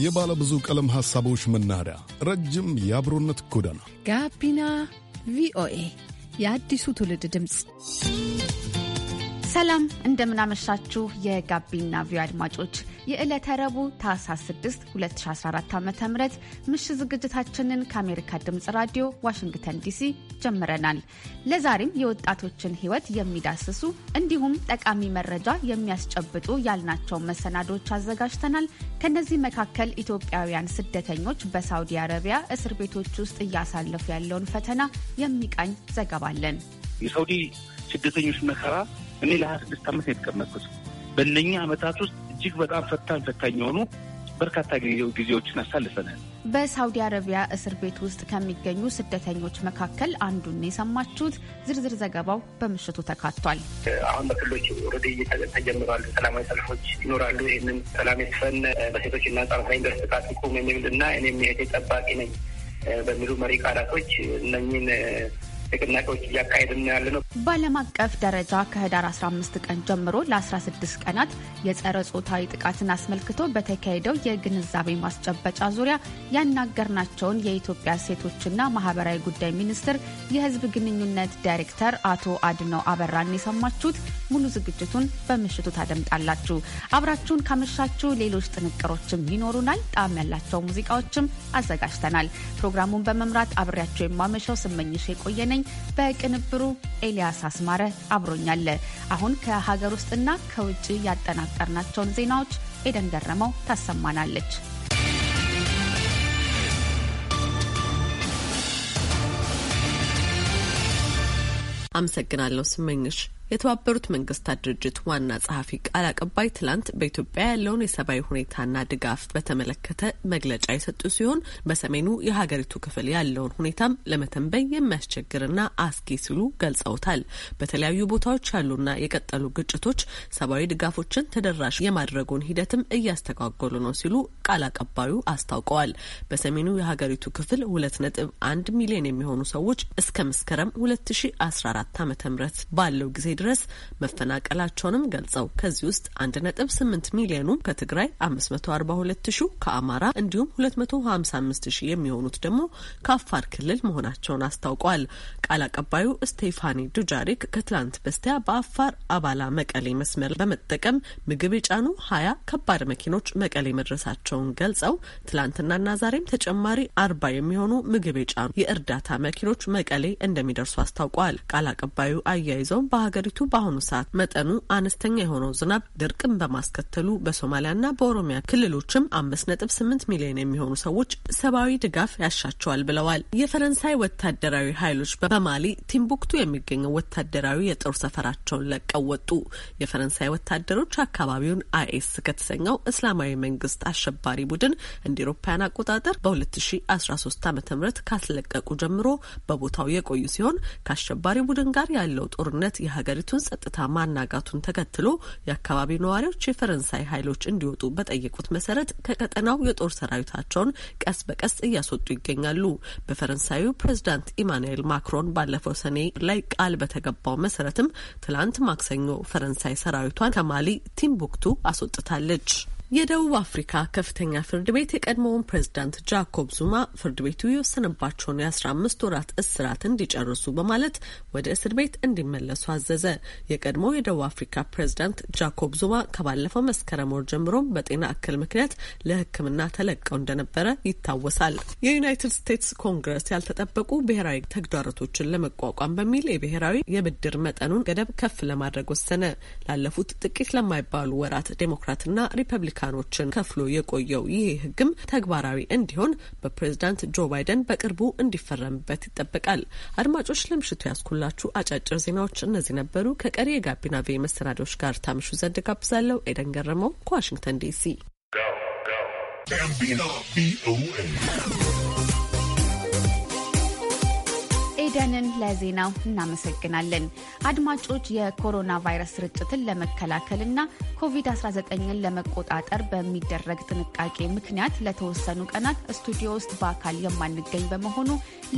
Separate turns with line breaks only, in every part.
የባለ ብዙ ቀለም ሐሳቦች መናኸሪያ፣ ረጅም የአብሮነት ጎዳና
ጋቢና ቪኦኤ የአዲሱ
ትውልድ ድምፅ። ሰላም እንደምናመሻችሁ የጋቢና ቪኦኤ አድማጮች የዕለተ ረቡዕ ታህሳስ 6 2014 ዓ ም ምሽት ዝግጅታችንን ከአሜሪካ ድምፅ ራዲዮ ዋሽንግተን ዲሲ ጀምረናል። ለዛሬም የወጣቶችን ሕይወት የሚዳስሱ እንዲሁም ጠቃሚ መረጃ የሚያስጨብጡ ያልናቸው መሰናዶዎች አዘጋጅተናል። ከነዚህ መካከል ኢትዮጵያውያን ስደተኞች በሳውዲ አረቢያ እስር ቤቶች ውስጥ እያሳለፉ ያለውን ፈተና የሚቃኝ ዘገባ አለን።
የሳውዲ ስደተኞች መከራ እኔ ለ26 ዓመት ነው የተቀመጥኩት። በእነኛ ዓመታት ውስጥ እጅግ በጣም ፈታኝ ፈታኝ የሆኑ በርካታ ጊዜዎችን አሳልፈናል።
በሳውዲ አረቢያ እስር ቤት ውስጥ ከሚገኙ ስደተኞች መካከል አንዱን የሰማችሁት። ዝርዝር ዘገባው በምሽቱ ተካቷል።
አሁን በክልሎች ወደ ተጀምረዋል። ሰላማዊ ሰልፎች ይኖራሉ። ይህንን ሰላም የስፈን በሴቶችና ህጻናት ላይ ደርስ ጥቃት ይቁም የሚል እና እኔም የእህቴ ጠባቂ ነኝ በሚሉ መሪ ቃላቶች እነኝን ንቅናቄዎች እያካሄድ ያለ
ነው። በዓለም አቀፍ ደረጃ ከህዳር 15 ቀን ጀምሮ ለ16 ቀናት የጸረ ጾታዊ ጥቃትን አስመልክቶ በተካሄደው የግንዛቤ ማስጨበጫ ዙሪያ ያናገርናቸውን የኢትዮጵያ ሴቶችና ማህበራዊ ጉዳይ ሚኒስቴር የህዝብ ግንኙነት ዳይሬክተር አቶ አድነው አበራን የሰማችሁት። ሙሉ ዝግጅቱን በምሽቱ ታደምጣላችሁ። አብራችሁን ካመሻችሁ ሌሎች ጥንቅሮችም ይኖሩናል። ጣዕም ያላቸው ሙዚቃዎችም አዘጋጅተናል። ፕሮግራሙን በመምራት አብሬያቸው የማመሻው ስመኝሽ የቆየነኝ በቅንብሩ ኤልያ ኤልያስ አስማረ አብሮኛል። አሁን ከሀገር ውስጥና ከውጭ ያጠናቀርናቸውን ዜናዎች ኤደን ገረመው ታሰማናለች።
አመሰግናለሁ ስመኝሽ። የተባበሩት መንግስታት ድርጅት ዋና ጸሐፊ ቃል አቀባይ ትላንት በኢትዮጵያ ያለውን የሰብአዊ ሁኔታና ድጋፍ በተመለከተ መግለጫ የሰጡ ሲሆን በሰሜኑ የሀገሪቱ ክፍል ያለውን ሁኔታም ለመተንበይ የሚያስቸግርና አስጊ ሲሉ ገልጸውታል። በተለያዩ ቦታዎች ያሉና የቀጠሉ ግጭቶች ሰብአዊ ድጋፎችን ተደራሽ የማድረጉን ሂደትም እያስተጓጎሉ ነው ሲሉ ቃል አቀባዩ አስታውቀዋል። በሰሜኑ የሀገሪቱ ክፍል ሁለት ነጥብ አንድ ሚሊዮን የሚሆኑ ሰዎች እስከ መስከረም ሁለት ሺ አስራ አራት አመተ ምህረት ባለው ጊዜ ድረስ መፈናቀላቸውንም ገልጸው ከዚህ ውስጥ አንድ ነጥብ ስምንት ሚሊዮኑ ከትግራይ አምስት መቶ አርባ ሁለት ሺ ከአማራ እንዲሁም ሁለት መቶ ሀምሳ አምስት ሺ የሚሆኑት ደግሞ ከአፋር ክልል መሆናቸውን አስታውቋል። ቃል አቀባዩ ስቴፋኒ ዱጃሪክ ከትላንት በስቲያ በአፋር አባላ መቀሌ መስመር በመጠቀም ምግብ የጫኑ ሀያ ከባድ መኪኖች መቀሌ መድረሳቸውን ገልጸው ትላንትናና ዛሬም ተጨማሪ አርባ የሚሆኑ ምግብ የጫኑ የእርዳታ መኪኖች መቀሌ እንደሚደርሱ አስታውቋል። ቃል አቀባዩ አያይዘውም በሀገር በሀገሪቱ በአሁኑ ሰዓት መጠኑ አነስተኛ የሆነው ዝናብ ድርቅን በማስከተሉ በሶማሊያና በኦሮሚያ ክልሎችም አምስት ነጥብ ስምንት ሚሊዮን የሚሆኑ ሰዎች ሰብአዊ ድጋፍ ያሻቸዋል ብለዋል። የፈረንሳይ ወታደራዊ ኃይሎች በማሊ ቲምቡክቱ የሚገኘው ወታደራዊ የጦር ሰፈራቸውን ለቀው ወጡ። የፈረንሳይ ወታደሮች አካባቢውን አይኤስ ከተሰኘው እስላማዊ መንግስት አሸባሪ ቡድን እንደ አውሮፓውያን አቆጣጠር በ2013 ዓ ም ካስለቀቁ ጀምሮ በቦታው የቆዩ ሲሆን ከአሸባሪ ቡድን ጋር ያለው ጦርነት የሀገር የሀገሪቱን ጸጥታ ማናጋቱን ተከትሎ የአካባቢው ነዋሪዎች የፈረንሳይ ኃይሎች እንዲወጡ በጠየቁት መሰረት ከቀጠናው የጦር ሰራዊታቸውን ቀስ በቀስ እያስወጡ ይገኛሉ። በፈረንሳዩ ፕሬዚዳንት ኢማኑኤል ማክሮን ባለፈው ሰኔ ላይ ቃል በተገባው መሰረትም ትላንት ማክሰኞ ፈረንሳይ ሰራዊቷን ከማሊ ቲምቡክቱ አስወጥታለች። የደቡብ አፍሪካ ከፍተኛ ፍርድ ቤት የቀድሞውን ፕሬዝዳንት ጃኮብ ዙማ ፍርድ ቤቱ የወሰነባቸውን የአስራ አምስት ወራት እስራት እንዲጨርሱ በማለት ወደ እስር ቤት እንዲመለሱ አዘዘ። የቀድሞው የደቡብ አፍሪካ ፕሬዝዳንት ጃኮብ ዙማ ከባለፈው መስከረም ወር ጀምሮ በጤና እክል ምክንያት ለሕክምና ተለቀው እንደነበረ ይታወሳል። የዩናይትድ ስቴትስ ኮንግረስ ያልተጠበቁ ብሔራዊ ተግዳሮቶችን ለመቋቋም በሚል የብሔራዊ የብድር መጠኑን ገደብ ከፍ ለማድረግ ወሰነ። ላለፉት ጥቂት ለማይባሉ ወራት ዴሞክራትና ሪፐብሊክ አሜሪካኖችን ከፍሎ የቆየው ይህ ህግም ተግባራዊ እንዲሆን በፕሬዝዳንት ጆ ባይደን በቅርቡ እንዲፈረምበት ይጠበቃል። አድማጮች፣ ለምሽቱ ያስኩላችሁ አጫጭር ዜናዎች እነዚህ ነበሩ። ከቀሪ የጋቢና ቬ መሰናዶች ጋር ታምሹ ዘንድ ጋብዛለሁ። ኤደን ገረመው ከዋሽንግተን ዲሲ
ኤደንን ለዜናው እናመሰግናለን። አድማጮች የኮሮና ቫይረስ ስርጭትን ለመከላከልና ኮቪድ-19ን ለመቆጣጠር በሚደረግ ጥንቃቄ ምክንያት ለተወሰኑ ቀናት ስቱዲዮ ውስጥ በአካል የማንገኝ በመሆኑ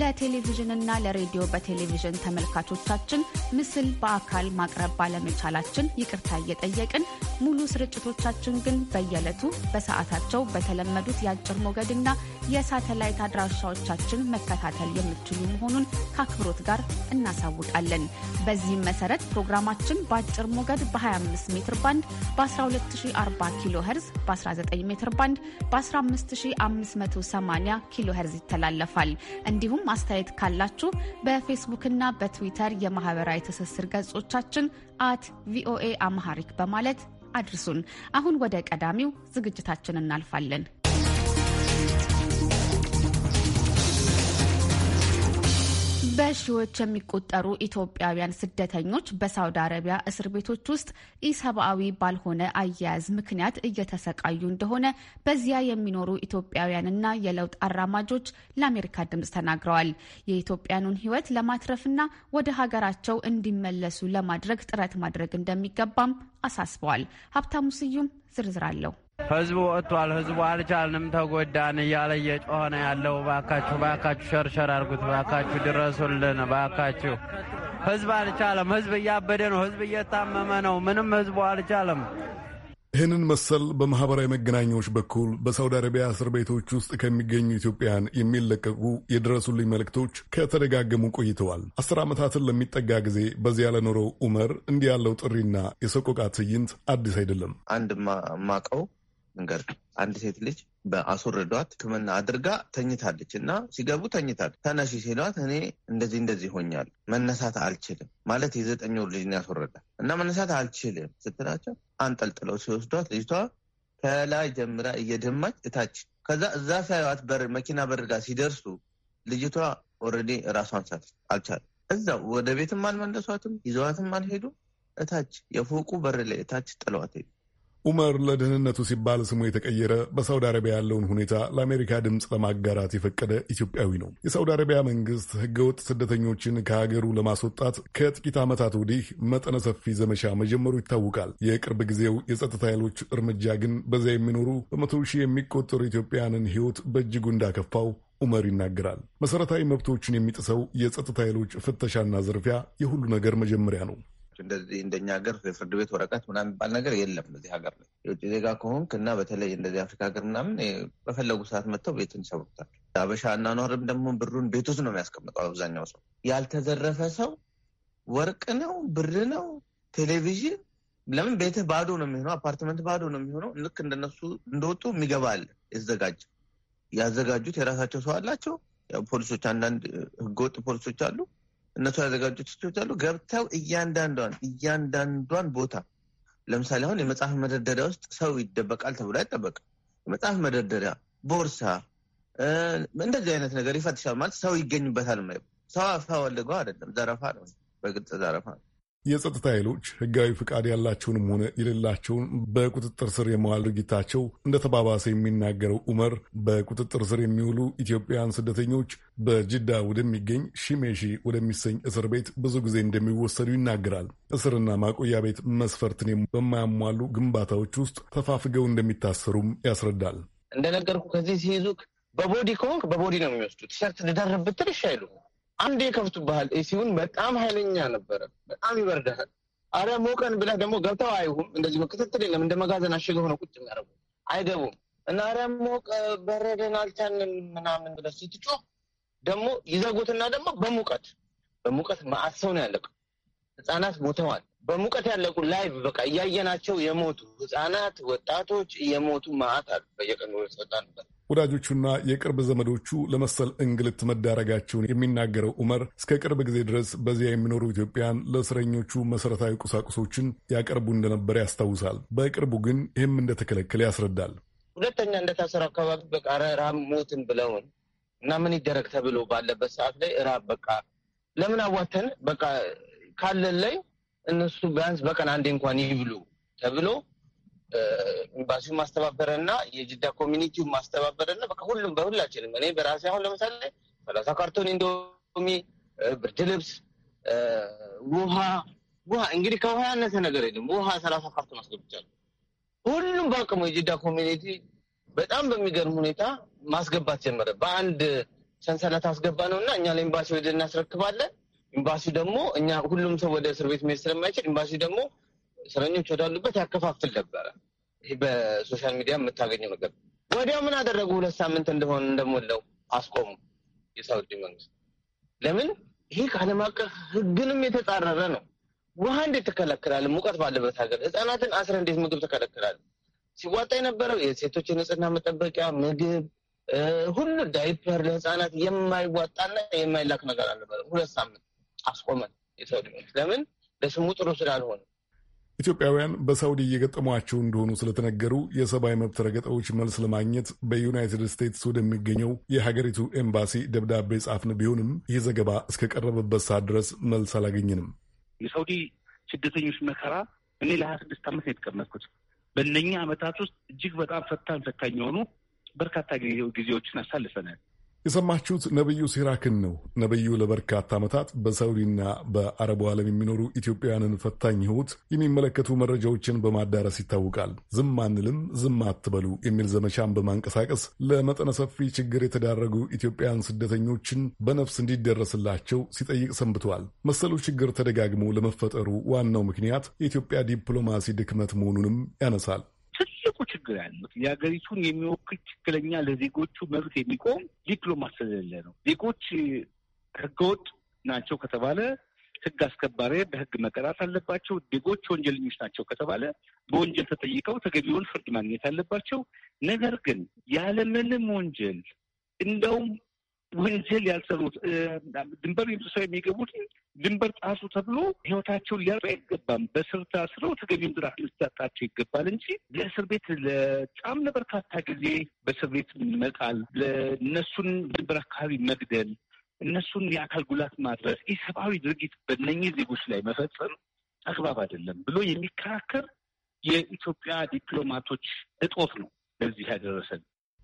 ለቴሌቪዥንና ለሬዲዮ በቴሌቪዥን ተመልካቾቻችን ምስል በአካል ማቅረብ ባለመቻላችን ይቅርታ እየጠየቅን ሙሉ ስርጭቶቻችን ግን በየዕለቱ በሰዓታቸው በተለመዱት የአጭር ሞገድና የሳተላይት አድራሻዎቻችን መከታተል የምትችሉ መሆኑን ከአክብሮት ጋር እናሳውቃለን። በዚህም መሰረት ፕሮግራማችን በአጭር ሞገድ በ25 ሜትር ባንድ በ12040 ኪሎ ሄርዝ፣ 1240 ኪሎ ሄርዝ ይተላለፋል። እንዲሁም አስተያየት ካላችሁ በፌስቡክና በትዊተር የማህበራዊ ትስስር ገጾቻችን አት ቪኦኤ አምሃሪክ በማለት አድርሱን። አሁን ወደ ቀዳሚው ዝግጅታችን እናልፋለን። በሺዎች የሚቆጠሩ ኢትዮጵያውያን ስደተኞች በሳውዲ አረቢያ እስር ቤቶች ውስጥ ኢሰብአዊ ባልሆነ አያያዝ ምክንያት እየተሰቃዩ እንደሆነ በዚያ የሚኖሩ ኢትዮጵያውያንና የለውጥ አራማጆች ለአሜሪካ ድምፅ ተናግረዋል። የኢትዮጵያኑን ሕይወት ለማትረፍና ወደ ሀገራቸው እንዲመለሱ ለማድረግ ጥረት ማድረግ እንደሚገባም አሳስበዋል። ሀብታሙ ስዩም ዝርዝር አለው።
ህዝቡ ወጥቷል። ህዝቡ አልቻልንም፣ ተጎዳን እያለ እየጮኸ ነው ያለው። ባካችሁ፣ ባካችሁ ሸርሸር አድርጉት፣ ባካችሁ ድረሱልን፣ ባካችሁ። ህዝብ አልቻለም። ህዝብ እያበደ ነው። ህዝብ እየታመመ ነው። ምንም ህዝቡ አልቻለም።
ይህንን መሰል በማህበራዊ መገናኛዎች በኩል በሳውዲ አረቢያ እስር ቤቶች ውስጥ ከሚገኙ ኢትዮጵያን የሚለቀቁ የድረሱልኝ መልእክቶች ከተደጋገሙ ቆይተዋል። አስር ዓመታትን ለሚጠጋ ጊዜ በዚህ ያለኖረው ኡመር እንዲህ ያለው ጥሪና የሰቆቃ ትዕይንት አዲስ አይደለም።
አንድ ማቀው ነገር አንድ ሴት ልጅ በአስወርዷት ሕክምና አድርጋ ተኝታለች እና ሲገቡ ተኝታል። ተነሺ ሲሏት እኔ እንደዚህ እንደዚህ ሆኛል መነሳት አልችልም ማለት የዘጠኝ ወር ልጅ ያስወረዳ እና መነሳት አልችልም ስትላቸው አንጠልጥለው ሲወስዷት ልጅቷ ከላይ ጀምራ እየደማች እታች ከዛ እዛ ሳይዋት በር መኪና በር ጋር ሲደርሱ ልጅቷ ኦልሬዲ ራሷን ሳት አልቻለም። እዛው ወደ ቤትም አልመለሷትም፣ ይዘዋትም አልሄዱ እታች የፎቁ በር ላይ እታች ጥለዋት ሄዱ። ኡመር
ለደህንነቱ ሲባል ስሙ የተቀየረ በሳውዲ አረቢያ ያለውን ሁኔታ ለአሜሪካ ድምፅ ለማጋራት የፈቀደ ኢትዮጵያዊ ነው። የሳውዲ አረቢያ መንግስት ህገወጥ ስደተኞችን ከሀገሩ ለማስወጣት ከጥቂት ዓመታት ወዲህ መጠነ ሰፊ ዘመቻ መጀመሩ ይታወቃል። የቅርብ ጊዜው የጸጥታ ኃይሎች እርምጃ ግን በዚያ የሚኖሩ በመቶ ሺህ የሚቆጠሩ ኢትዮጵያውያንን ህይወት በእጅጉ እንዳከፋው ኡመር ይናገራል። መሠረታዊ መብቶችን የሚጥሰው የጸጥታ ኃይሎች ፍተሻና ዝርፊያ የሁሉ ነገር
መጀመሪያ ነው። እንደዚህ እንደኛ ሀገር ፍርድ ቤት ወረቀት ምናምን የሚባል ነገር የለም። እዚህ ሀገር ላይ የውጭ ዜጋ ከሆንክ እና በተለይ እንደዚህ አፍሪካ ሀገር ምናምን በፈለጉ ሰዓት መጥተው ቤትን ይሰብሩታል። አበሻ አኗኗርም ደግሞ ብሩን ቤት ውስጥ ነው የሚያስቀምጠው አብዛኛው ሰው። ያልተዘረፈ ሰው ወርቅ ነው ብር ነው ቴሌቪዥን ለምን ቤትህ ባዶ ነው የሚሆነው? አፓርትመንት ባዶ ነው የሚሆነው። ልክ እንደነሱ እንደወጡ የሚገባ አለ የተዘጋጀ ያዘጋጁት የራሳቸው ሰው አላቸው። ፖሊሶች አንዳንድ ህገወጥ ፖሊሶች አሉ። እነቱ ያዘጋጁት ስቶች አሉ። ገብተው እያንዳንዷን እያንዳንዷን ቦታ ለምሳሌ አሁን የመጽሐፍ መደርደሪያ ውስጥ ሰው ይደበቃል ተብሎ አይጠበቅም። የመጽሐፍ መደርደሪያ፣ ቦርሳ፣ እንደዚህ አይነት ነገር ይፈትሻል ማለት ሰው ይገኝበታል። ሰው አፈወልገው አይደለም፣ ዘረፋ ነው። በግልጽ ዘረፋ ነው።
የጸጥታ ኃይሎች ህጋዊ ፍቃድ ያላቸውንም ሆነ የሌላቸውን በቁጥጥር ስር የመዋል ድርጊታቸው እንደተባባሰ የሚናገረው ኡመር በቁጥጥር ስር የሚውሉ ኢትዮጵያውያን ስደተኞች በጅዳ ወደሚገኝ ሺሜሺ ወደሚሰኝ እስር ቤት ብዙ ጊዜ እንደሚወሰዱ ይናገራል። እስርና ማቆያ ቤት መስፈርትን በማያሟሉ ግንባታዎች ውስጥ ተፋፍገው እንደሚታሰሩም ያስረዳል።
እንደነገርኩ ከዚህ ሲይዙ በቦዲ ከሆንክ በቦዲ ነው የሚወስዱት። ቲሸርት ልደርብ ብትል ይሻይሉ አንድ ባህል ኤሲውን በጣም ኃይለኛ ነበረ። በጣም ይበርዳል። አረ ሞቀን ብለህ ደግሞ ገብተው አይሁም። እንደዚህ በክትትል የለም። እንደ መጋዘን አሸገ ሆነ ቁጭ የሚያደርጉ አይገቡም። እና አረ ሞቀ በረደን አልቻንን ምናምን ብለህ ስትጮ ደግሞ ይዘጉትና ደግሞ በሙቀት በሙቀት ማአት ሰው ነው ያለቀ ህፃናት ሞተዋል። በሙቀት ያለቁ ላይቭ በቃ እያየናቸው የሞቱ ህጻናት፣ ወጣቶች እየሞቱ ማአት አሉ። በየቀኑ ወጣንበት
ወዳጆቹና የቅርብ ዘመዶቹ ለመሰል እንግልት መዳረጋቸውን የሚናገረው ዑመር እስከ ቅርብ ጊዜ ድረስ በዚያ የሚኖሩ ኢትዮጵያን ለእስረኞቹ መሠረታዊ ቁሳቁሶችን ያቀርቡ እንደነበረ ያስታውሳል። በቅርቡ ግን ይህም እንደተከለከለ ያስረዳል።
ሁለተኛ እንደታሰሩ አካባቢ በቃ ራብ ሞትን ብለውን እና ምን ይደረግ ተብሎ ባለበት ሰዓት ላይ ራብ በቃ ለምን አዋተን በቃ ካለን ላይ እነሱ ቢያንስ በቀን አንዴ እንኳን ይብሉ ተብሎ ኤምባሲው ማስተባበረና የጅዳ ኮሚኒቲው ማስተባበረና በቃ ሁሉም በሁላችንም እኔ በራሴ አሁን ለምሳሌ ሰላሳ ካርቶን ኢንዶሚ፣ ብርድ ልብስ፣ ውሃ ውሃ እንግዲህ ከውሃ ያነሰ ነገር የለም። ውሃ ሰላሳ ካርቶን አስገብቻለሁ። ሁሉም በአቅሙ የጅዳ ኮሚኒቲ በጣም በሚገርም ሁኔታ ማስገባት ጀመረ። በአንድ ሰንሰለት አስገባ ነው እና እኛ ለኤምባሲ ወደ እናስረክባለን ኤምባሲው ደግሞ እኛ ሁሉም ሰው ወደ እስር ቤት መሄድ ስለማይችል ኤምባሲው ደግሞ እስረኞች ወዳሉበት ያከፋፍል ነበረ። ይህ በሶሻል ሚዲያ የምታገኘው ነገር። ወዲያው ምን አደረጉ? ሁለት ሳምንት እንደሆነ እንደሞላው አስቆሙ። የሳውዲ መንግስት ለምን? ይህ ከዓለም አቀፍ ህግንም የተጻረረ ነው። ውሃ እንዴት ትከለክላል? ሙቀት ባለበት ሀገር ህጻናትን አስረ እንዴት ምግብ ትከለክላል? ሲዋጣ የነበረው የሴቶች የንጽህና መጠበቂያ ምግብ ሁሉ ዳይፐር ለህፃናት የማይዋጣና የማይላክ ነገር አልነበረም። ሁለት ሳምንት አስቆመን። የሳውዲ መንግስት ለምን ለስሙ ጥሩ ስላልሆነ።
ኢትዮጵያውያን በሳውዲ እየገጠሟቸው እንደሆኑ ስለተነገሩ የሰብአዊ መብት ረገጣዎች መልስ ለማግኘት በዩናይትድ ስቴትስ ወደሚገኘው የሀገሪቱ ኤምባሲ ደብዳቤ ጻፍን። ቢሆንም ይህ ዘገባ እስከቀረበበት ሰዓት ድረስ መልስ አላገኘንም።
የሳውዲ ስደተኞች መከራ እኔ ለሀያ ስድስት ዓመት ነው የተቀመጥኩት። በእነኛ ዓመታት ውስጥ እጅግ በጣም ፈታኝ ፈታኝ የሆኑ በርካታ ጊዜዎችን አሳልፈናል።
የሰማችሁት ነቢዩ ሲራክን ነው። ነቢዩ ለበርካታ ዓመታት በሳውዲና በአረቡ ዓለም የሚኖሩ ኢትዮጵያውያንን ፈታኝ ሕይወት የሚመለከቱ መረጃዎችን በማዳረስ ይታወቃል። ዝም አንልም፣ ዝም አትበሉ የሚል ዘመቻን በማንቀሳቀስ ለመጠነ ሰፊ ችግር የተዳረጉ ኢትዮጵያውያን ስደተኞችን በነፍስ እንዲደረስላቸው ሲጠይቅ ሰንብተዋል። መሰሉ ችግር ተደጋግሞ ለመፈጠሩ ዋናው ምክንያት የኢትዮጵያ ዲፕሎማሲ ድክመት መሆኑንም ያነሳል።
ችግር ያለው የሀገሪቱን የሚወክል ትክክለኛ ለዜጎቹ መብት የሚቆም ዲፕሎማት ስለሌለ ነው። ዜጎች ህገወጥ ናቸው ከተባለ ህግ አስከባሪ በህግ መቀጣት አለባቸው። ዜጎች ወንጀለኞች ናቸው ከተባለ በወንጀል ተጠይቀው ተገቢውን ፍርድ ማግኘት አለባቸው። ነገር ግን ያለምንም ወንጀል እንደውም ወንጀል ያልሰሩት ድንበር ሰው የሚገቡት ድንበር ጣሱ ተብሎ ህይወታቸውን ሊያጡ አይገባም። በስር ታስረው ተገቢ ምድራ ሊሰጣቸው ይገባል እንጂ ለእስር ቤት ለጫም ለበርካታ ጊዜ በእስር ቤት መጣል፣ ለእነሱን ድንበር አካባቢ መግደል፣ እነሱን የአካል ጉላት ማድረስ፣ ሰብአዊ ድርጊት በእነኚህ ዜጎች ላይ መፈጸም አግባብ አይደለም ብሎ የሚከራከር የኢትዮጵያ ዲፕሎማቶች እጦት ነው ለዚህ ያደረሰን።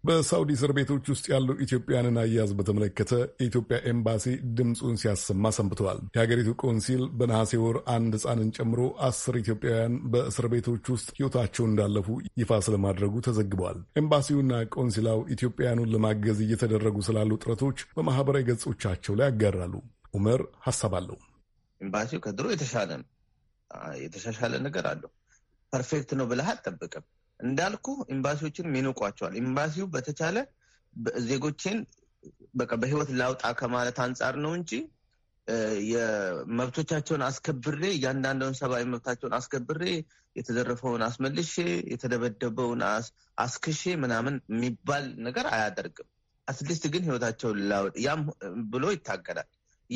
በሳውዲ እስር ቤቶች ውስጥ ያለው ኢትዮጵያንን አያያዝ በተመለከተ የኢትዮጵያ ኤምባሲ ድምፁን ሲያሰማ ሰንብተዋል። የሀገሪቱ ቆንሲል በነሐሴ ወር አንድ ሕፃንን ጨምሮ አስር ኢትዮጵያውያን በእስር ቤቶች ውስጥ ሕይወታቸውን እንዳለፉ ይፋ ስለማድረጉ ተዘግበዋል። ኤምባሲውና ቆንሲላው ኢትዮጵያውያኑን ለማገዝ እየተደረጉ ስላሉ ጥረቶች በማህበራዊ ገጾቻቸው ላይ ያጋራሉ። ኡመር ሀሳብ አለው።
ኤምባሲው ከድሮ የተሻለ ነው። የተሻሻለ ነገር አለው። ፐርፌክት ነው ብለህ አትጠብቅም። እንዳልኩ ኤምባሲዎችን ሚንቋቸዋል። ኤምባሲው በተቻለ ዜጎችን በቃ በህይወት ላውጣ ከማለት አንጻር ነው እንጂ የመብቶቻቸውን አስከብሬ እያንዳንደውን ሰብአዊ መብታቸውን አስከብሬ የተዘረፈውን አስመልሼ የተደበደበውን አስክሼ ምናምን የሚባል ነገር አያደርግም። አትሊስት ግን ህይወታቸውን ላውጥ ያም ብሎ ይታገላል።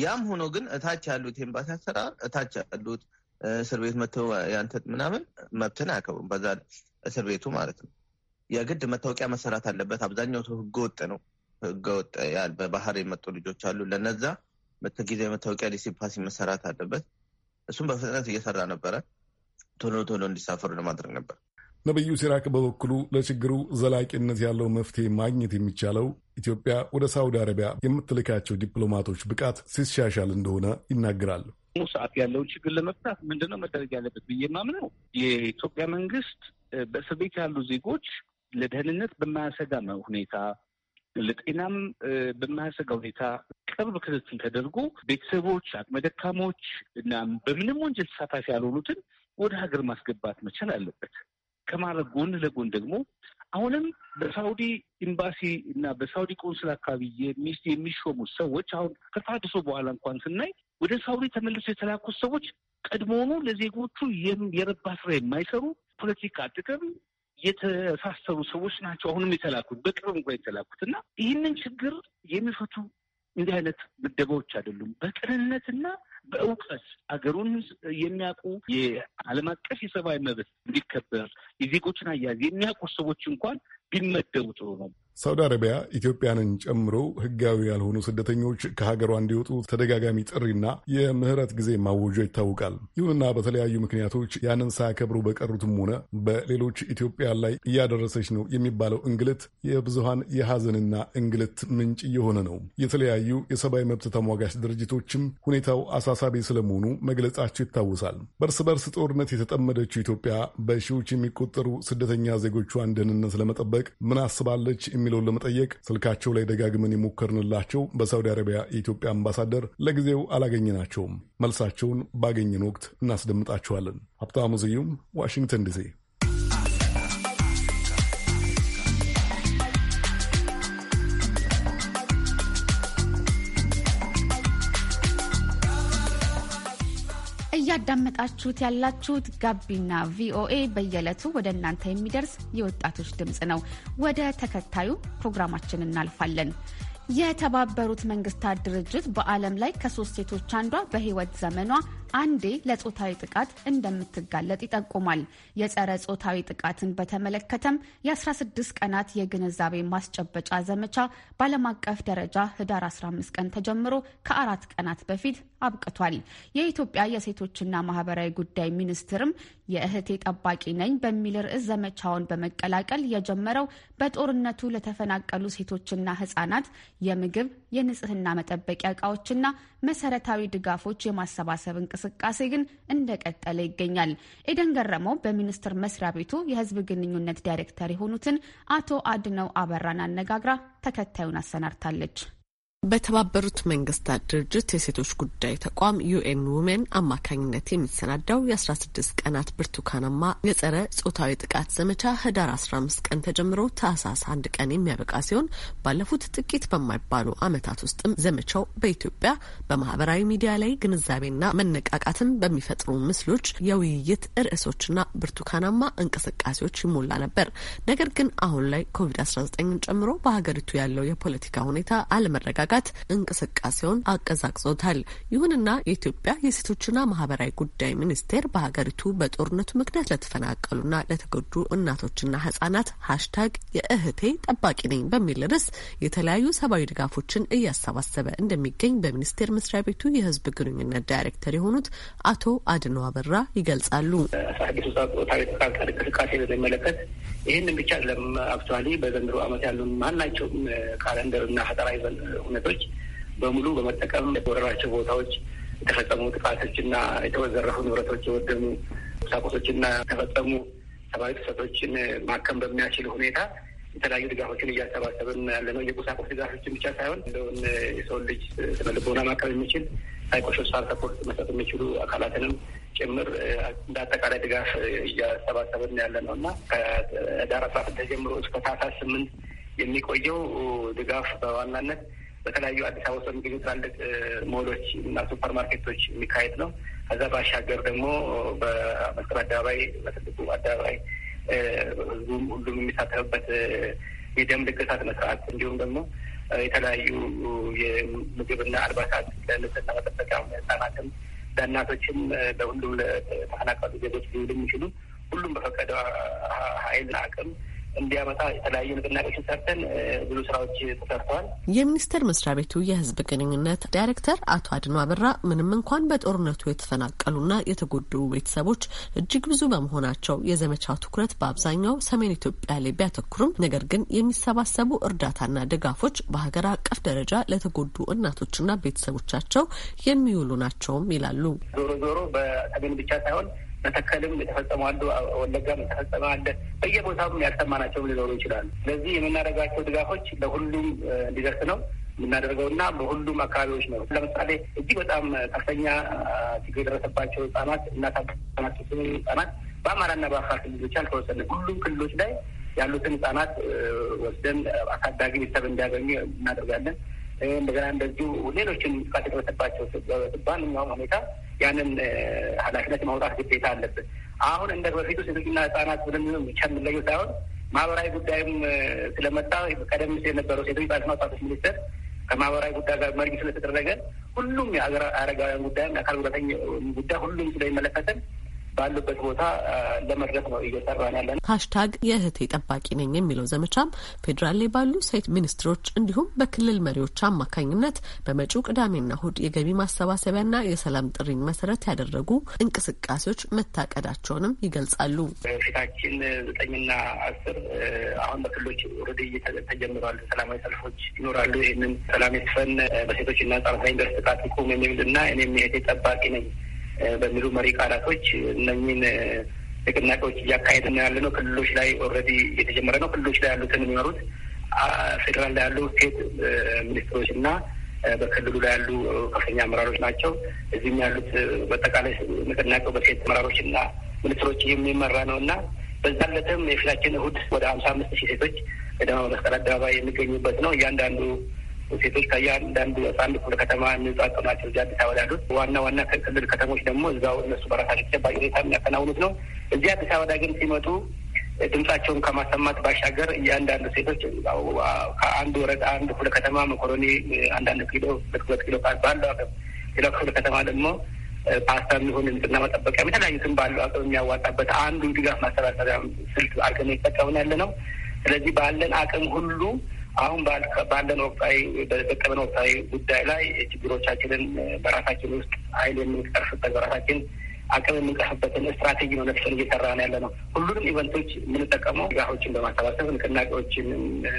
ያም ሆኖ ግን እታች ያሉት ኤምባሲ አሰራር እታች ያሉት እስር ቤት መተው ያንተ ምናምን መብትን አያከብሩም። በዛ እስር ቤቱ ማለት ነው። የግድ መታወቂያ መሰራት አለበት። አብዛኛው ሰው ህገወጥ ነው። ህገወጥ ያል በባህር የመጡ ልጆች አሉ። ለነዛ ጊዜ መታወቂያ ዲሲፓሲ መሰራት አለበት። እሱም በፍጥነት እየሰራ ነበረ። ቶሎ ቶሎ እንዲሳፈሩ ለማድረግ ነበር።
ነቢዩ ሲራክ በበኩሉ ለችግሩ ዘላቂነት ያለው መፍትሄ ማግኘት የሚቻለው ኢትዮጵያ ወደ ሳውዲ አረቢያ የምትልካቸው ዲፕሎማቶች ብቃት ሲሻሻል እንደሆነ ይናገራል።
ሰዓት ያለውን ችግር ለመፍታት ምንድነው መደረግ ያለበት ብዬ ማምነው የኢትዮጵያ መንግስት በእስር ቤት ያሉ ዜጎች ለደህንነት በማያሰጋ ሁኔታ ለጤናም በማያሰጋ ሁኔታ ቅርብ ክትትል ተደርጎ ቤተሰቦች፣ አቅመ ደካሞች እና በምንም ወንጀል ተሳታፊ ያልሆኑትን ወደ ሀገር ማስገባት መቻል አለበት። ከማድረግ ጎን ለጎን ደግሞ አሁንም በሳውዲ ኤምባሲ እና በሳውዲ ቆንስል አካባቢ የሚሾሙት ሰዎች አሁን ከታድሶ በኋላ እንኳን ስናይ ወደ ሳውዲ ተመልሶ የተላኩት ሰዎች ቀድሞውኑ ለዜጎቹ የረባ ስራ የማይሰሩ ፖለቲካ ጥቅም የተሳሰሩ ሰዎች ናቸው። አሁንም የተላኩት በቅርብ እንኳ የተላኩት እና ይህንን ችግር የሚፈቱ እንዲህ አይነት ምደባዎች አይደሉም። በቅንነትና በእውቀት አገሩን የሚያውቁ የዓለም አቀፍ የሰብአዊ መብት እንዲከበር የዜጎችን አያያዝ የሚያውቁ ሰዎች እንኳን ቢመደቡ ጥሩ ነው።
ሳውዲ አረቢያ ኢትዮጵያንን ጨምሮ ህጋዊ ያልሆኑ ስደተኞች ከሀገሯ እንዲወጡ ተደጋጋሚ ጥሪና የምህረት ጊዜ ማወጇ ይታወቃል። ይሁንና በተለያዩ ምክንያቶች ያንን ሳያከብሩ በቀሩትም ሆነ በሌሎች ኢትዮጵያ ላይ እያደረሰች ነው የሚባለው እንግልት የብዙሃን የሐዘንና እንግልት ምንጭ እየሆነ ነው። የተለያዩ የሰብአዊ መብት ተሟጋች ድርጅቶችም ሁኔታው አሳሳቢ ስለመሆኑ መግለጻቸው ይታወሳል። በእርስ በርስ ጦርነት የተጠመደችው ኢትዮጵያ በሺዎች የሚቆጠሩ ስደተኛ ዜጎቿን ደህንነት ለመጠበቅ ምን አስባለች? የሚለውን ለመጠየቅ ስልካቸው ላይ ደጋግመን የሞከርንላቸው በሳውዲ አረቢያ የኢትዮጵያ አምባሳደር ለጊዜው አላገኘናቸውም። መልሳቸውን ባገኘን ወቅት እናስደምጣችኋለን። ሀብታሙ ስዩም ዋሽንግተን ዲሲ
እያዳመጣችሁት ያላችሁት ጋቢና ቪኦኤ በየዕለቱ ወደ እናንተ የሚደርስ የወጣቶች ድምፅ ነው። ወደ ተከታዩ ፕሮግራማችን እናልፋለን። የተባበሩት መንግስታት ድርጅት በዓለም ላይ ከሶስት ሴቶች አንዷ በህይወት ዘመኗ አንዴ ለጾታዊ ጥቃት እንደምትጋለጥ ይጠቁማል። የጸረ ጾታዊ ጥቃትን በተመለከተም የ16 ቀናት የግንዛቤ ማስጨበጫ ዘመቻ በዓለም አቀፍ ደረጃ ህዳር 15 ቀን ተጀምሮ ከአራት ቀናት በፊት አብቅቷል። የኢትዮጵያ የሴቶችና ማህበራዊ ጉዳይ ሚኒስትርም የእህቴ ጠባቂ ነኝ በሚል ርዕስ ዘመቻውን በመቀላቀል የጀመረው በጦርነቱ ለተፈናቀሉ ሴቶችና ህጻናት የምግብ የንጽህና መጠበቂያ እቃዎችና መሰረታዊ ድጋፎች የማሰባሰብ እንቅስቃሴ ግን እንደቀጠለ ይገኛል። ኤደን ገረመው በሚኒስቴር መስሪያ ቤቱ የህዝብ ግንኙነት ዳይሬክተር የሆኑትን አቶ አድነው አበራን አነጋግራ ተከታዩን አሰናድታለች።
በተባበሩት መንግስታት ድርጅት የሴቶች ጉዳይ ተቋም ዩኤን ውሜን አማካኝነት የሚሰናዳው የ16 ቀናት ብርቱካናማ የጸረ ጾታዊ ጥቃት ዘመቻ ህዳር 15 ቀን ተጀምሮ ታህሳስ አንድ ቀን የሚያበቃ ሲሆን ባለፉት ጥቂት በማይባሉ ዓመታት ውስጥም ዘመቻው በኢትዮጵያ በማህበራዊ ሚዲያ ላይ ግንዛቤና መነቃቃትን በሚፈጥሩ ምስሎች፣ የውይይት ርዕሶችና ብርቱካናማ እንቅስቃሴዎች ይሞላ ነበር። ነገር ግን አሁን ላይ ኮቪድ 19 ዘጠኝን ጨምሮ በሀገሪቱ ያለው የፖለቲካ ሁኔታ አለመረጋ መረጋጋት እንቅስቃሴውን አቀዛቅዞታል። ይሁንና የኢትዮጵያ የሴቶችና ማህበራዊ ጉዳይ ሚኒስቴር በሀገሪቱ በጦርነቱ ምክንያት ለተፈናቀሉና ለተጎዱ እናቶችና ህጻናት ሀሽታግ የእህቴ ጠባቂ ነኝ በሚል ርዕስ የተለያዩ ሰብአዊ ድጋፎችን እያሰባሰበ እንደሚገኝ በሚኒስቴር መስሪያ ቤቱ የህዝብ ግንኙነት ዳይሬክተር የሆኑት አቶ አድነው አበራ ይገልጻሉ።
እንቅስቃሴ ይህንን ብቻ ለም አክቹዋሊ በዘንድሮ አመት ያሉ ማናቸውም ካለንደር እና ፈጠራዊ አይነቶች በሙሉ በመጠቀም የተወረራቸው ቦታዎች የተፈጸሙ ጥቃቶች እና የተወዘረፉ ንብረቶች የወደሙ ቁሳቁሶች የተፈጸሙ ሰብአዊ ጥሰቶችን ማከም በሚያስችል ሁኔታ የተለያዩ ድጋፎችን እያሰባሰብን ያለነው የቁሳቁስ ድጋፎችን ብቻ ሳይሆን እንደውን የሰው ልጅ ስነልቦና ማቀብ የሚችል ሳይኮሶሻል ሰፖርት መስጠት የሚችሉ አካላትንም ጭምር እንደ አጠቃላይ ድጋፍ እያሰባሰብን ያለ ነው እና ከዳር አስራ ስድስት ጀምሮ እስከ ታህሳስ ስምንት የሚቆየው ድጋፍ በዋናነት በተለያዩ አዲስ አበባ ውስጥ የሚገኙ ትላልቅ ሞሎች እና ሱፐር ማርኬቶች የሚካሄድ ነው። ከዛ ባሻገር ደግሞ በመስቀል አደባባይ፣ በትልቁ አደባባይ ህዝቡም ሁሉም የሚሳተፍበት የደም ልገሳ ስነ እንዲሁም ደግሞ የተለያዩ የምግብና አልባሳት ለንጽህና መጠበቂያ ህጻናትም ለእናቶችም ለሁሉም ለተፈናቀሉ ዜጎች ሊውል የሚችሉ ሁሉም በፈቀደ ሀይል አቅም እንዲያመጣ የተለያዩ ንቅናቄዎችን ሰርተን
ብዙ ስራዎች ተሰርተዋል። የሚኒስቴር መስሪያ ቤቱ የህዝብ ግንኙነት ዳይሬክተር አቶ አድኖ አበራ ምንም እንኳን በጦርነቱ የተፈናቀሉና የተጎዱ ቤተሰቦች እጅግ ብዙ በመሆናቸው የዘመቻው ትኩረት በአብዛኛው ሰሜን ኢትዮጵያ ላይ ቢያተኩርም ነገር ግን የሚሰባሰቡ እርዳታና ድጋፎች በሀገር አቀፍ ደረጃ ለተጎዱ እናቶችና ቤተሰቦቻቸው የሚውሉ ናቸውም ይላሉ።
ዞሮ ዞሮ በሰሜን ብቻ ሳይሆን መተከልም የተፈጸመ አንዱ ወለጋም የተፈጸመ አለ። በየቦታውም ያልሰማናቸውም ሊኖሩ ይችላሉ። ስለዚህ የምናደርጋቸው ድጋፎች ለሁሉም እንዲደርስ ነው የምናደርገው በሁሉም አካባቢዎች ነው። ለምሳሌ እጅግ በጣም ከፍተኛ ችግር የደረሰባቸው ህጻናት እና ህጻናት በአማራና በአፋር ክልሎች አልተወሰነ ሁሉም ክልሎች ላይ ያሉትን ህጻናት ወስደን አሳዳጊ ቤተሰብ እንዲያገኙ እናደርጋለን። እንደገና እንደዚሁ ሌሎችን ጥቃት የተመሰባቸው በማንኛውም ሁኔታ ያንን ኃላፊነት ማውጣት ግዴታ አለብን። አሁን እንደ በፊቱ ሴቶችና ህጻናት ብለን ብቻ የምንለየው ሳይሆን ማህበራዊ ጉዳይም ስለመጣ ቀደም ሲል የነበረው ሴቶች ህጻናትና ወጣቶች ሚኒስቴር ከማህበራዊ ጉዳይ ጋር መርጊ ስለተደረገ ሁሉም የአረጋውያን ጉዳይም የአካል ጉዳተኛ ጉዳይ ሁሉም ስለሚመለከተን ባሉበት ቦታ ለመድረስ ነው እየሰራን ያለ ነው።
ሀሽታግ የእህቴ ጠባቂ ነኝ የሚለው ዘመቻም ፌዴራል ላይ ባሉ ሴት ሚኒስትሮች እንዲሁም በክልል መሪዎች አማካኝነት በመጪው ቅዳሜና እሁድ የገቢ ማሰባሰቢያና የሰላም ጥሪን መሰረት ያደረጉ እንቅስቃሴዎች መታቀዳቸውንም ይገልጻሉ።
ፊታችን ዘጠኝና አስር አሁን በክልሎች ወረድ ተጀምሯል። ሰላማዊ ሰልፎች ይኖራሉ። ይህንን ሰላም የተፈን በሴቶችና ህጻናት ላይ ደርስ ጥቃት ይቁም የሚል እና እኔም የእህቴ ጠባቂ ነኝ በሚሉ መሪ ቃላቶች እነኝን ንቅናቄዎች እያካሄድ ነው ያለ ነው። ክልሎች ላይ ኦልሬዲ እየተጀመረ ነው። ክልሎች ላይ ያሉትን የሚመሩት ፌዴራል ላይ ያሉ ስቴት ሚኒስትሮች እና በክልሉ ላይ ያሉ ከፍተኛ አመራሮች ናቸው። እዚህም ያሉት በአጠቃላይ ንቅናቄው በሴት አመራሮች እና ሚኒስትሮች የሚመራ ነው እና በዛ ዕለትም የፊታችን እሁድ ወደ ሀምሳ አምስት ሺህ ሴቶች በደማቅ መስቀል አደባባይ የሚገኙበት ነው። እያንዳንዱ ሴቶች ከእያንዳንዱ አንድ ክፍለ ከተማ የሚውጣጡ ናቸው። እዚህ አዲስ አበባ ያሉት ዋና ዋና ክልል ከተሞች ደግሞ እዛው እነሱ በራሳቸው ተጨባጭ ሁኔታ የሚያከናውኑት ነው። እዚህ አዲስ አበባ ግን ሲመጡ ድምጻቸውን ከማሰማት ባሻገር እያንዳንዱ ሴቶች ከአንድ ወረዳ አንድ ክፍለ ከተማ መኮሮኒ አንዳንድ ኪሎ ሁለት ሁለት ኪሎ ባለው አቅም፣ ሌላ ክፍለ ከተማ ደግሞ ፓስታ የሚሆን ንጽህና መጠበቂያ የተለያዩትም ባለው አቅም የሚያዋጣበት አንዱ ድጋፍ ማሰባሰቢያ ስልት አድርገን የጠቀምን ያለ ነው። ስለዚህ ባለን አቅም ሁሉ አሁን ባለን ወቅታዊ በጠቀምን ወቅታዊ ጉዳይ ላይ ችግሮቻችንን በራሳችን ውስጥ ኃይል የምንቀርፍበት በራሳችን አቅም የምንቀርፍበትን ስትራቴጂ ነው ነፍሰን እየሰራ ነው ያለ ነው። ሁሉንም ኢቨንቶች የምንጠቀመው ጋሆችን በማሰባሰብ ንቅናቄዎችን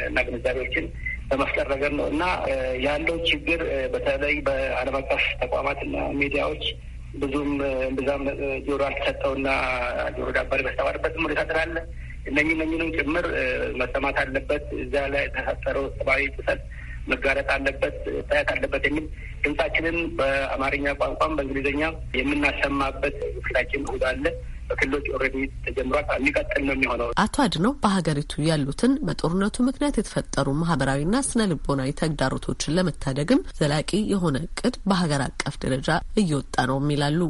እና ግንዛቤዎችን በመፍጠር ነገር ነው እና ያለው ችግር በተለይ በዓለም አቀፍ ተቋማትና ሚዲያዎች ብዙም እምብዛም ጆሮ አልተሰጠውና ጆሮ ዳባሪ በስተባርበትም ሁኔታ ስላለ እነኚህ እነኚህንም ጭምር መሰማት አለበት። እዛ ላይ የተፈጠረው ሰብአዊ ጥሰት መጋለጥ አለበት፣ ታየት አለበት የሚል ድምጻችንን በአማርኛ ቋንቋም በእንግሊዝኛ የምናሰማበት ክላችን እሑድ አለ። በክልሎች ኦልሬዲ ተጀምሯል። የሚቀጥል ነው የሚሆነው።
አቶ አድነው በሀገሪቱ ያሉትን በጦርነቱ ምክንያት የተፈጠሩ ማህበራዊና ስነ ልቦናዊ ተግዳሮቶችን ለመታደግም ዘላቂ የሆነ እቅድ በሀገር አቀፍ ደረጃ እየወጣ ነው ይላሉ።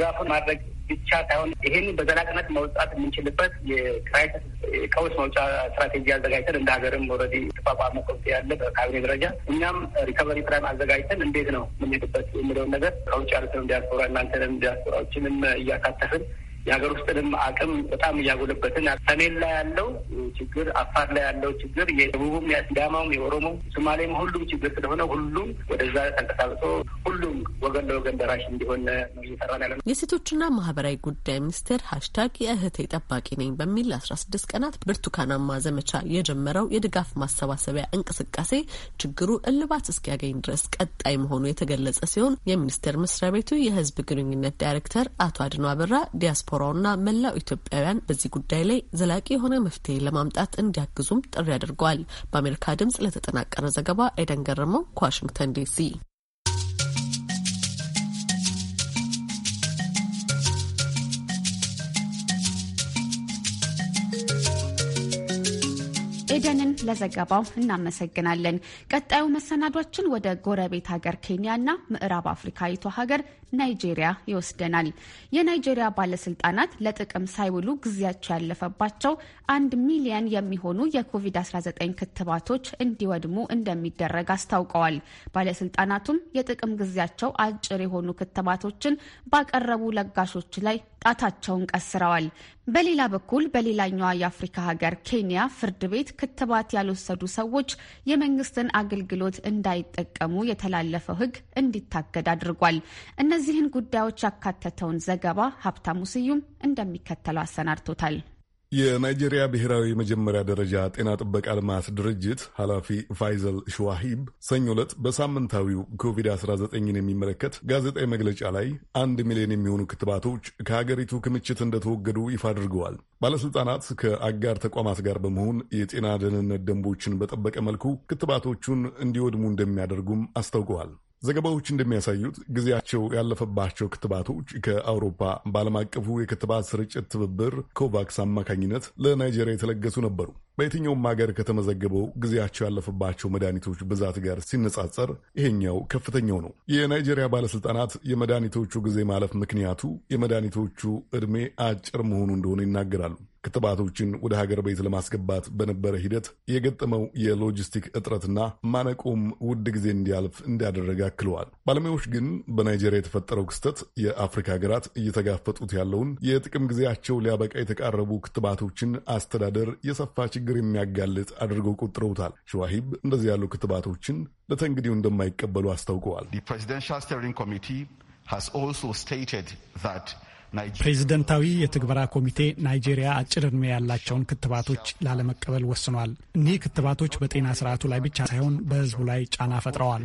ድጋፍ ማድረግ ብቻ ሳይሆን ይህንን በዘላቅነት መውጣት የምንችልበት የክራይሲስ ቀውስ መውጫ ስትራቴጂ አዘጋጅተን እንደ ሀገርም ኦልሬዲ ተቋቋመ ኮሚቴ ያለ በካቢኔ ደረጃ እኛም ሪከቨሪ ፕላን አዘጋጅተን እንዴት ነው የምንሄድበት የሚለውን ነገር ከውጭ ያሉትንም ዲያስፖራ እናንተንም ዲያስፖራዎችንም እያካተፍን የሀገር ውስጥንም አቅም በጣም እያጎለበትን ሰሜን ላይ ያለው ችግር፣ አፋር ላይ ያለው ችግር፣ የደቡቡም፣ የሲዳማውም፣ የኦሮሞ ሶማሌም ሁሉም ችግር ስለሆነ ሁሉም ወደዛ ተንቀሳቅሶ ሁሉም ወገን ለወገን ደራሽ እንዲሆን ነው እየሰራ ያለ ነው።
የሴቶችና ማህበራዊ ጉዳይ ሚኒስቴር ሀሽታግ የእህቴ ጠባቂ ነኝ በሚል አስራ ስድስት ቀናት ብርቱካናማ ዘመቻ የጀመረው የድጋፍ ማሰባሰቢያ እንቅስቃሴ ችግሩ እልባት እስኪያገኝ ድረስ ቀጣይ መሆኑ የተገለጸ ሲሆን የሚኒስቴር መስሪያ ቤቱ የህዝብ ግንኙነት ዳይሬክተር አቶ አድኖ አበራ ዲያስፖ ዲያስፖራውና መላው ኢትዮጵያውያን በዚህ ጉዳይ ላይ ዘላቂ የሆነ መፍትሄ ለማምጣት እንዲያግዙም ጥሪ አድርገዋል። በአሜሪካ ድምጽ ለተጠናቀረ ዘገባ ኤደን ገረመው ከዋሽንግተን ዲሲ
ለዘገባው እናመሰግናለን። ቀጣዩ መሰናዷችን ወደ ጎረቤት ሀገር ኬንያና ምዕራብ አፍሪካዊቷ ሀገር ናይጄሪያ ይወስደናል። የናይጄሪያ ባለስልጣናት ለጥቅም ሳይውሉ ጊዜያቸው ያለፈባቸው አንድ ሚሊየን የሚሆኑ የኮቪድ-19 ክትባቶች እንዲወድሙ እንደሚደረግ አስታውቀዋል። ባለስልጣናቱም የጥቅም ጊዜያቸው አጭር የሆኑ ክትባቶችን ባቀረቡ ለጋሾች ላይ ጣታቸውን ቀስረዋል። በሌላ በኩል በሌላኛዋ የአፍሪካ ሀገር ኬንያ ፍርድ ቤት ክትባት ክትባት ያልወሰዱ ሰዎች የመንግስትን አገልግሎት እንዳይጠቀሙ የተላለፈው ህግ እንዲታገድ አድርጓል። እነዚህን ጉዳዮች ያካተተውን ዘገባ ሀብታሙ ስዩም እንደሚከተለው አሰናድቶታል።
የናይጄሪያ ብሔራዊ የመጀመሪያ ደረጃ ጤና ጥበቃ ልማት ድርጅት ኃላፊ ፋይዘል ሸዋሂብ ሰኞ ዕለት በሳምንታዊው ኮቪድ-19ን የሚመለከት ጋዜጣዊ መግለጫ ላይ አንድ ሚሊዮን የሚሆኑ ክትባቶች ከሀገሪቱ ክምችት እንደተወገዱ ይፋ አድርገዋል። ባለሥልጣናት ከአጋር ተቋማት ጋር በመሆን የጤና ደህንነት ደንቦችን በጠበቀ መልኩ ክትባቶቹን እንዲወድሙ እንደሚያደርጉም አስታውቀዋል። ዘገባዎች እንደሚያሳዩት ጊዜያቸው ያለፈባቸው ክትባቶች ከአውሮፓ በዓለም አቀፉ የክትባት ስርጭት ትብብር ኮቫክስ አማካኝነት ለናይጄሪያ የተለገሱ ነበሩ። በየትኛውም ሀገር ከተመዘገበው ጊዜያቸው ያለፈባቸው መድኃኒቶች ብዛት ጋር ሲነጻጸር ይሄኛው ከፍተኛው ነው። የናይጄሪያ ባለሥልጣናት የመድኃኒቶቹ ጊዜ ማለፍ ምክንያቱ የመድኃኒቶቹ ዕድሜ አጭር መሆኑ እንደሆነ ይናገራሉ። ክትባቶችን ወደ ሀገር ቤት ለማስገባት በነበረ ሂደት የገጠመው የሎጂስቲክ እጥረትና ማነቆም ውድ ጊዜ እንዲያልፍ እንዳደረገ አክለዋል። ባለሙያዎች ግን በናይጄሪያ የተፈጠረው ክስተት የአፍሪካ ሀገራት እየተጋፈጡት ያለውን የጥቅም ጊዜያቸው ሊያበቃ የተቃረቡ ክትባቶችን አስተዳደር የሰፋ ችግር የሚያጋልጥ አድርገው ቆጥረውታል። ሸዋሂብ እንደዚህ ያሉ ክትባቶችን ለተንግዲው እንደማይቀበሉ አስታውቀዋል። ፕሬዝደንታዊ
የትግበራ ኮሚቴ ናይጄሪያ አጭር ዕድሜ ያላቸውን ክትባቶች ላለመቀበል ወስኗል። እኒህ ክትባቶች በጤና ስርዓቱ ላይ ብቻ ሳይሆን በህዝቡ ላይ ጫና ፈጥረዋል።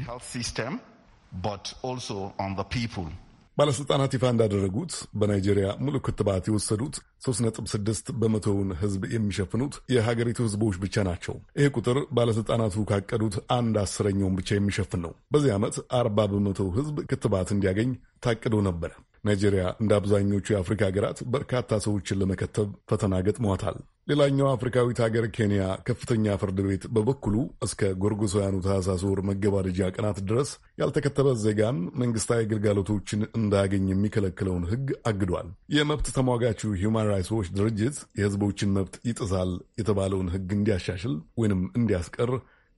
ባለሥልጣናት ይፋ እንዳደረጉት በናይጄሪያ ሙሉ ክትባት የወሰዱት 3.6 በመቶውን ህዝብ የሚሸፍኑት የሀገሪቱ ህዝቦች ብቻ ናቸው። ይህ ቁጥር ባለሥልጣናቱ ካቀዱት አንድ አስረኛውን ብቻ የሚሸፍን ነው። በዚህ ዓመት 40 በመቶው ህዝብ ክትባት እንዲያገኝ ታቅዶ ነበር። ናይጄሪያ እንደ አብዛኞቹ የአፍሪካ ሀገራት በርካታ ሰዎችን ለመከተብ ፈተና ገጥሟታል። ሌላኛው አፍሪካዊት ሀገር ኬንያ ከፍተኛ ፍርድ ቤት በበኩሉ እስከ ጎርጎሳውያኑ ታህሳስ ወር መገባደጃ ቀናት ድረስ ያልተከተበ ዜጋን መንግስታዊ አገልግሎቶችን እንዳያገኝ የሚከለክለውን ሕግ አግዷል። የመብት ተሟጋቹ ሂውማን ራይትስ ዎች ድርጅት የህዝቦችን መብት ይጥሳል የተባለውን ሕግ እንዲያሻሽል ወይንም እንዲያስቀር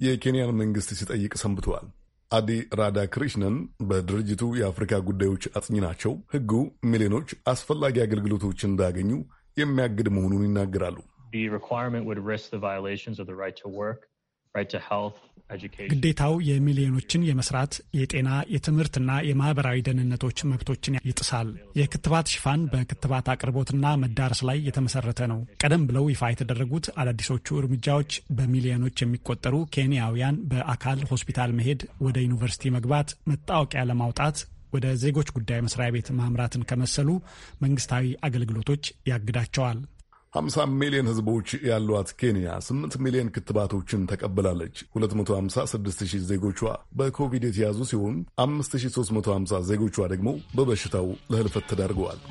የኬንያን መንግስት ሲጠይቅ ሰንብተዋል። አዲ ራዳ ክሪሽነን በድርጅቱ የአፍሪካ ጉዳዮች አጥኚ ናቸው። ሕጉ ሚሊዮኖች አስፈላጊ አገልግሎቶች እንዳያገኙ የሚያግድ መሆኑን ይናገራሉ።
ግዴታው
የሚሊዮኖችን የመስራት የጤና የትምህርትና የማህበራዊ ደህንነቶች መብቶችን ይጥሳል። የክትባት ሽፋን በክትባት አቅርቦትና መዳረስ ላይ የተመሰረተ ነው። ቀደም ብለው ይፋ የተደረጉት አዳዲሶቹ እርምጃዎች በሚሊዮኖች የሚቆጠሩ ኬንያውያን በአካል ሆስፒታል መሄድ፣ ወደ ዩኒቨርሲቲ መግባት፣ መታወቂያ ለማውጣት ወደ ዜጎች ጉዳይ መስሪያ ቤት ማምራትን ከመሰሉ መንግስታዊ አገልግሎቶች ያግዳቸዋል።
50 ሚሊዮን ህዝቦች ያሏት ኬንያ 8 ሚሊዮን ክትባቶችን ተቀብላለች። 256,000 ዜጎቿ በኮቪድ የተያዙ ሲሆን 5350 ዜጎቿ ደግሞ በበሽታው ለህልፈት ተዳርገዋል።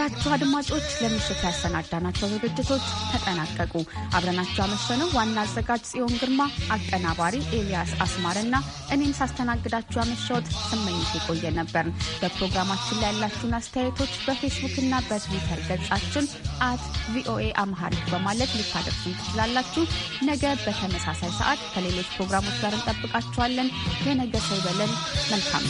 የተከበራችሁ አድማጮች ለምሽት ያሰናዳናቸው ዝግጅቶች ተጠናቀቁ። አብረናችሁ ያመሸነው ዋና አዘጋጅ ጽዮን ግርማ፣ አቀናባሪ ኤልያስ አስማርና እኔም ሳስተናግዳችሁ ያመሸሁት ስመኝት የቆየ ነበርን። በፕሮግራማችን ላይ ያላችሁን አስተያየቶች በፌስቡክና በትዊተር ገጻችን አት ቪኦኤ አምሃሪክ በማለት ልታደርሱን ትችላላችሁ። ነገ በተመሳሳይ ሰዓት ከሌሎች ፕሮግራሞች ጋር እንጠብቃችኋለን። የነገ ሰው ይበለን። መልካም